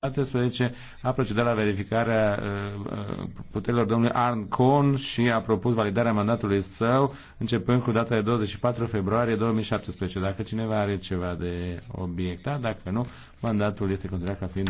2017 a procedat la verificarea uh, uh, puterilor domnului Arn Cohn și a propus validarea mandatului său începând cu data de 24 februarie 2017. Dacă cineva are ceva de obiectat, dacă nu, mandatul este considerat ca fiind